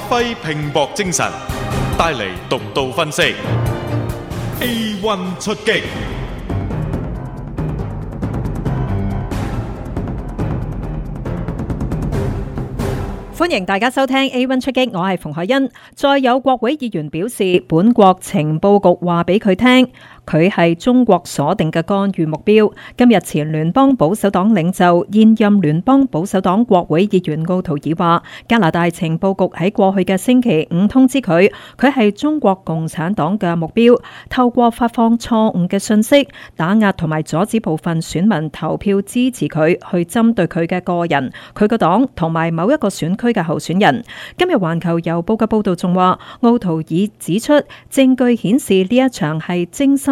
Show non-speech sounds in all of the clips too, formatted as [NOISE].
發揮拼搏精神，帶嚟獨到分析。A one 出擊，歡迎大家收聽 A one 出擊，我係馮海欣。再有國會議員表示，本國情報局話俾佢聽。佢係中國鎖定嘅干預目標。今日前聯邦保守黨領袖、現任聯邦保守黨國會議員奧圖爾話：加拿大情報局喺過去嘅星期五通知佢，佢係中國共產黨嘅目標，透過發放錯誤嘅信息，打壓同埋阻止部分選民投票支持佢，去針對佢嘅個人、佢嘅黨同埋某一個選區嘅候選人。今日《環球郵報》嘅報導仲話，奧圖爾指出，證據顯示呢一場係精心。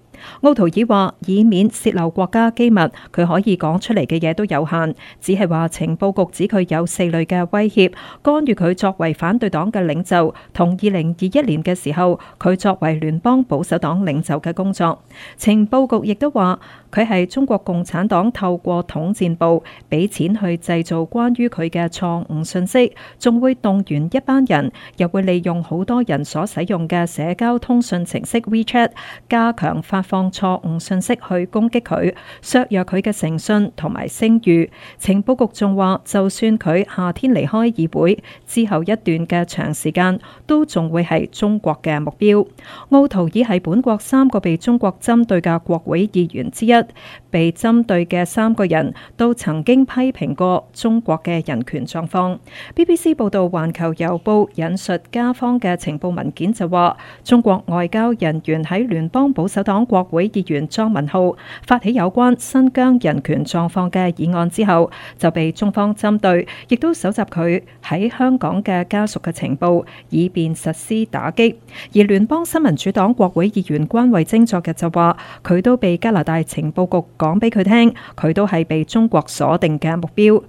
奧圖爾話，以免洩漏國家機密，佢可以講出嚟嘅嘢都有限，只係話情報局指佢有四類嘅威脅，干預佢作為反對黨嘅領袖，同二零二一年嘅時候佢作為聯邦保守黨領袖嘅工作。情報局亦都話。佢係中國共產黨透過統戰部俾錢去製造關於佢嘅錯誤信息，仲會動員一班人，又會利用好多人所使用嘅社交通訊程式 WeChat 加強發放錯誤信息去攻擊佢，削弱佢嘅誠信同埋聲譽。情報局仲話，就算佢夏天離開議會之後一段嘅長時間，都仲會係中國嘅目標。奧圖爾係本國三個被中國針對嘅國會議員之一。被針對嘅三個人都曾經批評過中國嘅人權狀況。BBC 報道《環球郵報》引述加方嘅情報文件就話，中國外交人員喺聯邦保守黨國會議員莊文浩發起有關新疆人權狀況嘅議案之後，就被中方針對，亦都搜集佢喺香港嘅家屬嘅情報，以便實施打擊。而聯邦新民主黨國會議員關慧貞昨日就話，佢都被加拿大情報告講俾佢聽，佢都係被中國鎖定嘅目標。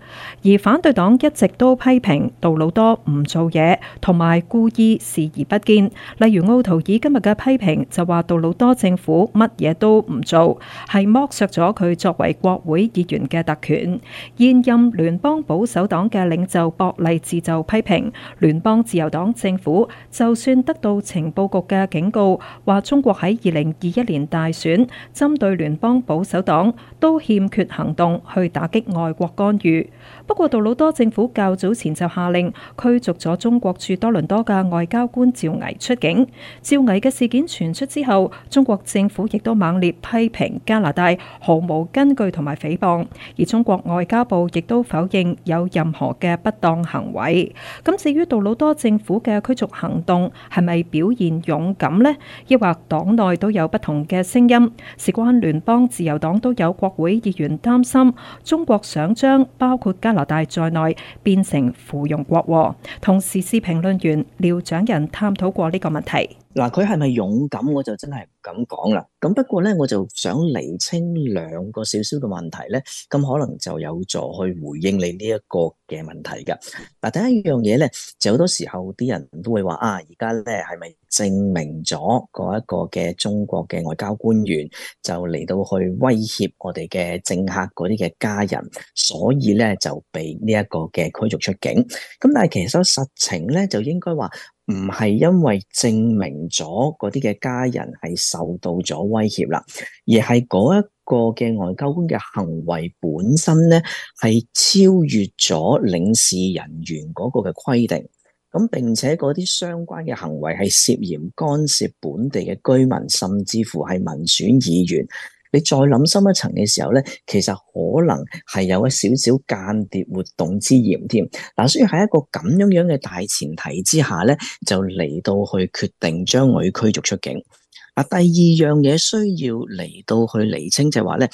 而反對黨一直都批評杜魯多唔做嘢，同埋故意視而不見。例如奧圖爾今日嘅批評就話杜魯多政府乜嘢都唔做，係剝削咗佢作為國會議員嘅特權。現任聯邦保守黨嘅領袖博勵治就批評聯邦自由黨政府，就算得到情報局嘅警告，話中國喺二零二一年大選針對聯邦保保守黨都欠缺行動去打擊外國干預。不過杜魯多政府較早前就下令驅逐咗中國駐多倫多嘅外交官趙毅出境。趙毅嘅事件傳出之後，中國政府亦都猛烈批評加拿大毫無根據同埋誹謗，而中國外交部亦都否認有任何嘅不當行為。咁至於杜魯多政府嘅驅逐行動係咪表現勇敢呢？抑或黨內都有不同嘅聲音？事關聯邦自由黨都有國會議員擔心中國想將包括加拿大在內變成附庸國和，同時事評論員廖長仁探討過呢個問題。嗱，佢係咪勇敢，我就真係唔敢講啦。咁不過咧，我就想釐清兩個少少嘅問題咧，咁可能就有助去回應你呢一個嘅問題噶。嗱，第一樣嘢咧，就好多時候啲人都會話啊，而家咧係咪證明咗嗰一個嘅中國嘅外交官員就嚟到去威脅我哋嘅政客嗰啲嘅家人，所以咧就被呢一個嘅驅逐出境。咁但係其實所實情咧，就應該話。唔係因為證明咗嗰啲嘅家人係受到咗威脅啦，而係嗰一個嘅外交官嘅行為本身呢，係超越咗領事人員嗰個嘅規定。咁並且嗰啲相關嘅行為係涉嫌干涉本地嘅居民，甚至乎係民選議員。你再諗深一層嘅時候咧，其實可能係有一少少間諜活動之嫌添嗱，所以喺一個咁樣樣嘅大前提之下咧，就嚟到去決定將佢驅逐出境。第二樣嘢需要嚟到去厘清，就係話咧，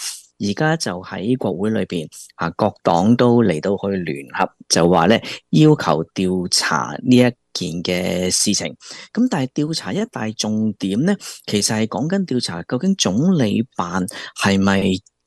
而家就喺國會裏邊啊，各黨都嚟到去聯合，就話咧要求調查呢一。件嘅事情，咁但係調查一大重點咧，其實係講緊調查究竟總理辦係咪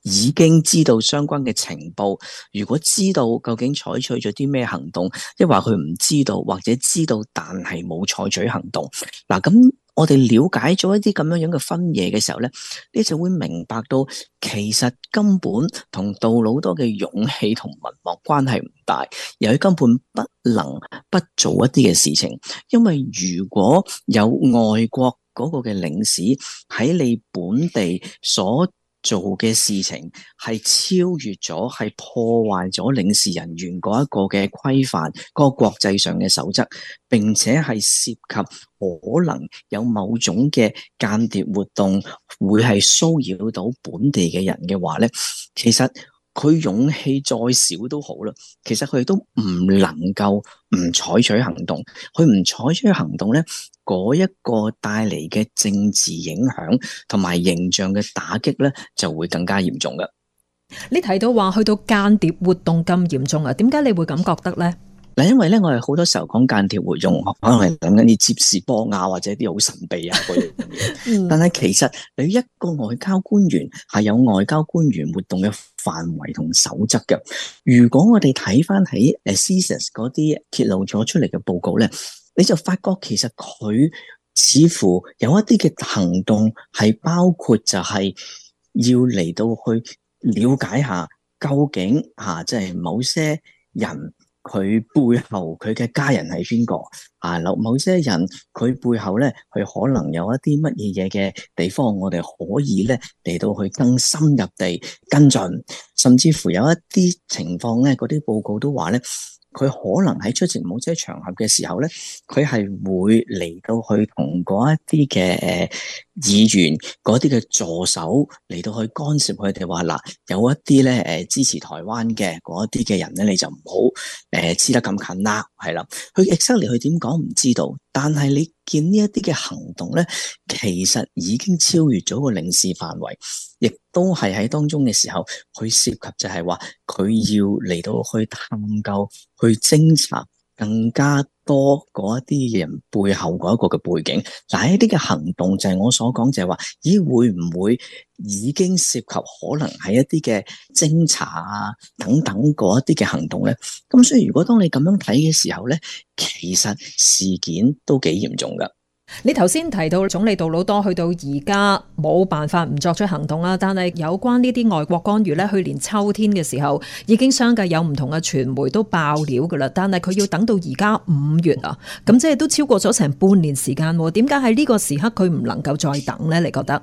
已經知道相關嘅情報？如果知道，究竟採取咗啲咩行動？即話佢唔知道，或者知道但係冇採取行動。嗱咁。我哋了解咗一啲咁樣樣嘅分野嘅時候咧，你就會明白到，其實根本同杜魯多嘅勇氣同文墨關係唔大，由於根本不能不做一啲嘅事情，因為如果有外國嗰個嘅領事喺你本地所。做嘅事情係超越咗，係破壞咗領事人員嗰一個嘅規範，嗰個國際上嘅守則，並且係涉及可能有某種嘅間諜活動會係騷擾到本地嘅人嘅話咧，其實。佢勇氣再少都好啦，其實佢都唔能夠唔採取行動，佢唔採取行動咧，嗰一個帶嚟嘅政治影響同埋形象嘅打擊咧，就會更加嚴重噶。你提到話去到間諜活動咁嚴重啊，點解你會咁覺得咧？嗱，因為咧，我哋好多時候講間諜活動，可能係等緊啲接事播啊或者啲好神秘啊嗰啲。 [LAUGHS] 但係其實你一個外交官員係有外交官員活動嘅範圍同守則嘅。如果我哋睇翻喺誒 CSIS 嗰啲揭露咗出嚟嘅報告咧，你就發覺其實佢似乎有一啲嘅行動係包括就係要嚟到去了解下究竟吓，即係某些人。佢背後佢嘅家人係邊個啊？某某些人佢背後咧，佢可能有一啲乜嘢嘢嘅地方，我哋可以咧嚟到去更深入地跟進，甚至乎有一啲情況咧，嗰啲報告都話咧，佢可能喺出席某些場合嘅時候咧，佢係會嚟到去同嗰一啲嘅誒。呃議員嗰啲嘅助手嚟到去干涉佢哋話嗱，有一啲咧誒支持台灣嘅嗰一啲嘅人咧，你就唔好誒黐得咁近啦，係啦。佢 actually 佢點講唔知道，但係你見呢一啲嘅行動咧，其實已經超越咗個領事範圍，亦都係喺當中嘅時候，佢涉及就係話佢要嚟到去探究，去偵察更加。多嗰一啲人背後嗰一個嘅背景，但係一啲嘅行動就係我所講就係話，咦會唔會已經涉及可能係一啲嘅偵查啊等等嗰一啲嘅行動咧？咁所以如果當你咁樣睇嘅時候咧，其實事件都幾嚴重噶。你頭先提到總理杜魯多去到而家冇辦法唔作出行動喇，但係有關呢啲外國干預呢去年秋天嘅時候已經相繼有唔同嘅傳媒都爆料噶啦，但係佢要等到而家五月啊，咁即係都超過咗成半年時間，點解喺呢個時刻佢唔能夠再等呢？你覺得？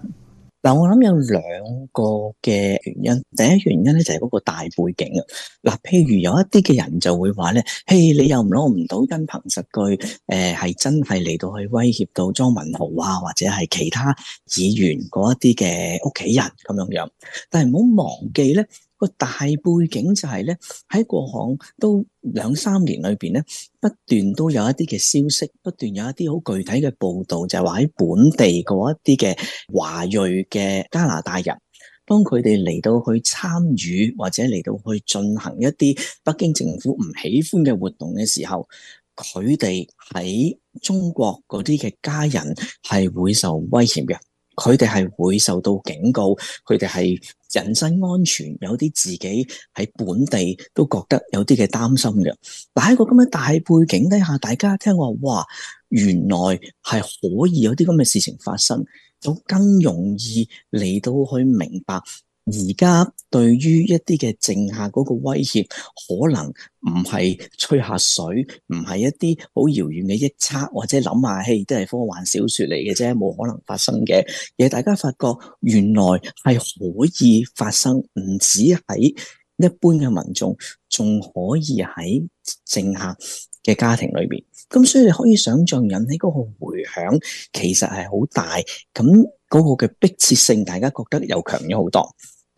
但我諗有兩個嘅原因，第一原因咧就係嗰個大背景啊。嗱，譬如有一啲嘅人就會話咧，嘿，你又唔攞唔到，呃、是真憑實據，誒，係真係嚟到去威脅到莊文豪啊，或者係其他議員嗰一啲嘅屋企人咁樣樣，但係唔好忘記咧。個大背景就係咧，喺過往都兩三年裏邊咧，不斷都有一啲嘅消息，不斷有一啲好具體嘅報導，就係話喺本地嗰一啲嘅華裔嘅加拿大人，當佢哋嚟到去參與或者嚟到去進行一啲北京政府唔喜歡嘅活動嘅時候，佢哋喺中國嗰啲嘅家人係會受威脅嘅。佢哋係會受到警告，佢哋係人身安全有啲自己喺本地都覺得有啲嘅擔心嘅。但喺個咁嘅大背景底下，大家聽話，哇，原來係可以有啲咁嘅事情發生，就更容易嚟到去明白。而家對於一啲嘅政客嗰個威脅，可能唔係吹下水，唔係一啲好遙遠嘅臆測，或者諗下戲，都係科幻小說嚟嘅啫，冇可能發生嘅。而大家發覺原來係可以發生，唔止喺一般嘅民眾，仲可以喺政客嘅家庭裏面。咁所以你可以想象引起嗰個回響，其實係好大，咁嗰個嘅迫切性，大家覺得又強咗好多。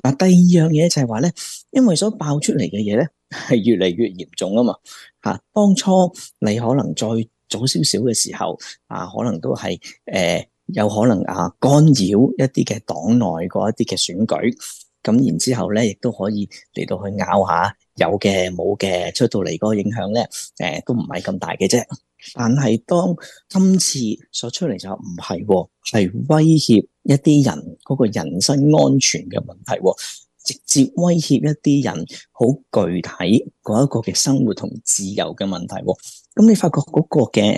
嗱，第二樣嘢就係話咧，因為所爆出嚟嘅嘢咧係越嚟越嚴重啊嘛，吓當初你可能再早少少嘅時候，啊可能都係誒有可能啊干擾一啲嘅黨內嗰一啲嘅選舉，咁然之後咧亦都可以嚟到去拗下有嘅冇嘅出到嚟嗰個影響咧，誒都唔係咁大嘅啫。但係，當今次所出嚟，就唔係，哦，係威脅一啲人嗰個人身安全嘅問題，哦，直接威脅一啲人好具體嗰一個嘅生活同自由嘅問題，哦。咁你發覺嗰個嘅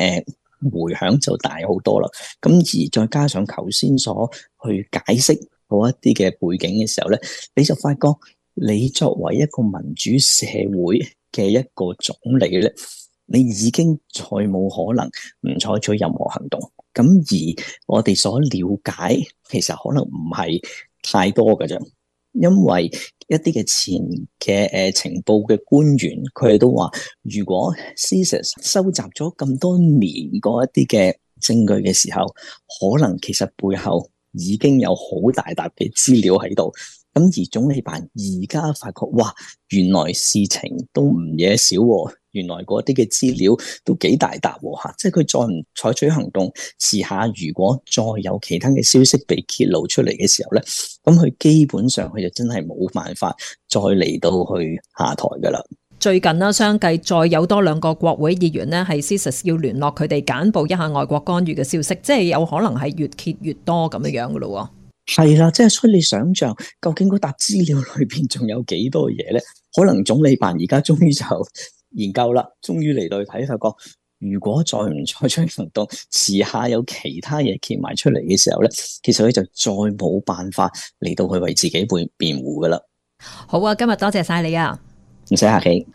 誒回響就大好多啦。咁而再加上頭先所去解釋嗰一啲嘅背景嘅時候咧，你就發覺你作為一個民主社會嘅一個總理咧，你已經再冇可能唔採取任何行動，咁而我哋所了解其實可能唔係太多㗎啫，因為一啲嘅前嘅情報嘅官員佢哋都話，如果 CSIS 收集咗咁多年嗰一啲嘅證據嘅時候，可能其實背後已經有好大沓嘅資料喺度。咁而總理辦而家發覺，哇！原來事情都唔嘢少喎，原來嗰啲嘅資料都幾大沓喎嚇，即係佢再唔採取行動試下，如果再有其他嘅消息被揭露出嚟嘅時候咧，咁佢基本上佢就真係冇辦法再嚟到去下台噶啦。最近啦，相繼再有多兩個國會議員咧，係 CSIS 要聯絡佢哋簡報一下外國干預嘅消息，即係有可能係越揭越多咁樣樣噶咯喎。係啦，即係出你想象，究竟嗰沓資料裏邊仲有幾多嘢咧？可能總理辦而家終於就研究啦，終於嚟到去睇，發覺如果再唔採取行動，遲下有其他嘢揭埋出嚟嘅時候咧，其實佢就再冇辦法嚟到去為自己去辯護噶啦。好啊，今日多謝晒你啊，唔使客氣。